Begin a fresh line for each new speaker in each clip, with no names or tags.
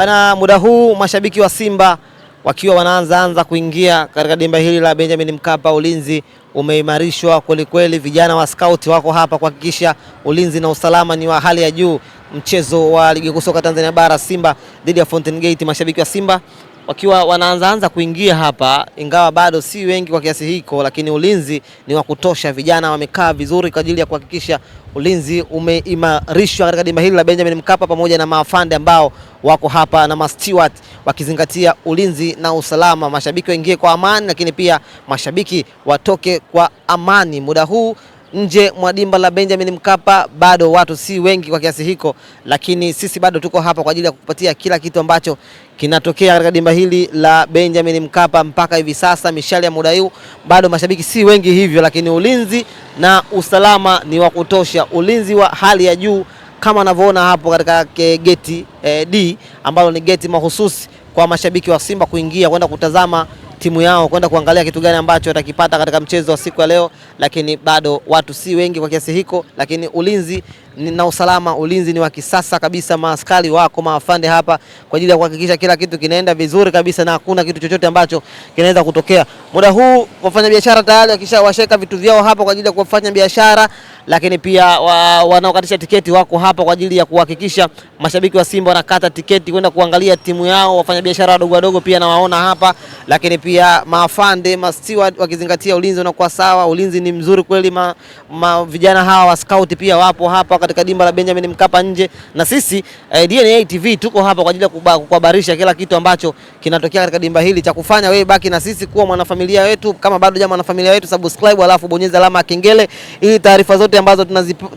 Bana, muda huu mashabiki wa Simba wakiwa wanaanza anza kuingia katika dimba hili la Benjamin Mkapa. Ulinzi umeimarishwa kwelikweli, vijana wa scout wako hapa kuhakikisha ulinzi na usalama ni wa hali ya juu. Mchezo wa ligi kuu soka Tanzania bara Simba dhidi ya Fountain Gate, mashabiki wa Simba wakiwa wanaanzaanza kuingia hapa, ingawa bado si wengi kwa kiasi hiko, lakini ulinzi ni wa kutosha. Vijana wamekaa vizuri kwa ajili ya kuhakikisha ulinzi umeimarishwa katika dimba hili la Benjamin Mkapa, pamoja na maafande ambao wako hapa na masteward wakizingatia ulinzi na usalama. Mashabiki waingie kwa amani, lakini pia mashabiki watoke kwa amani muda huu nje mwa dimba la Benjamin Mkapa bado watu si wengi kwa kiasi hiko, lakini sisi bado tuko hapa kwa ajili ya kukupatia kila kitu ambacho kinatokea katika dimba hili la Benjamin Mkapa. Mpaka hivi sasa mishale ya muda huu bado mashabiki si wengi hivyo, lakini ulinzi na usalama ni wa kutosha, ulinzi wa hali ya juu kama anavyoona hapo katika eh, geti eh, D ambalo ni geti mahususi kwa mashabiki wa Simba kuingia kwenda kutazama timu yao kwenda kuangalia kitu gani ambacho watakipata katika mchezo wa siku ya leo, lakini bado watu si wengi kwa kiasi hiko, lakini ulinzi na usalama, ulinzi ni wa kisasa kabisa. Maaskari wako maafande hapa kwa ajili ya kuhakikisha kila kitu kinaenda vizuri kabisa na hakuna kitu chochote ambacho kinaweza kutokea. Muda huu wafanyabiashara tayari washeka vitu vyao hapa kwa ajili ya kufanya biashara, lakini pia wa, wanaokatisha tiketi wako hapa kwa ajili ya kuhakikisha mashabiki wa Simba wanakata tiketi kwenda kuangalia timu yao. Wafanyabiashara wadogo wadogo pia nawaona hapa, lakini pia maafande masteward wakizingatia ulinzi unakuwa sawa. Ulinzi ni mzuri kweli. Ma, ma, vijana hawa wa scout pia wapo hapa katika dimba la Benjamin Mkapa nje, na sisi eh, DNA TV tuko hapa kwa ajili ya kuhabarisha kila kitu ambacho kinatokea katika dimba hili. Cha kufanya wewe baki na sisi, kuwa mwanafamilia wetu. Kama bado jamaa mwanafamilia wetu, subscribe alafu bonyeza alama ya kengele, ili taarifa zote ambazo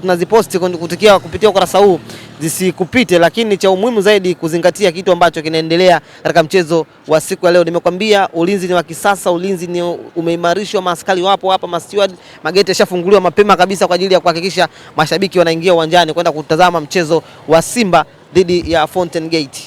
tunaziposti kupitia ukurasa huu zisikupite, lakini cha umuhimu zaidi kuzingatia kitu ambacho kinaendelea katika mchezo wa siku ya leo. Nimekwambia ulinzi ni wa kisasa, ulinzi ni umeimarishwa, maaskari wapo hapa, steward mageti yashafunguliwa mapema kabisa kwa ajili ya kuhakikisha mashabiki wanaingia uwanjani kwenda kutazama mchezo wa Simba dhidi ya Fountain Gate.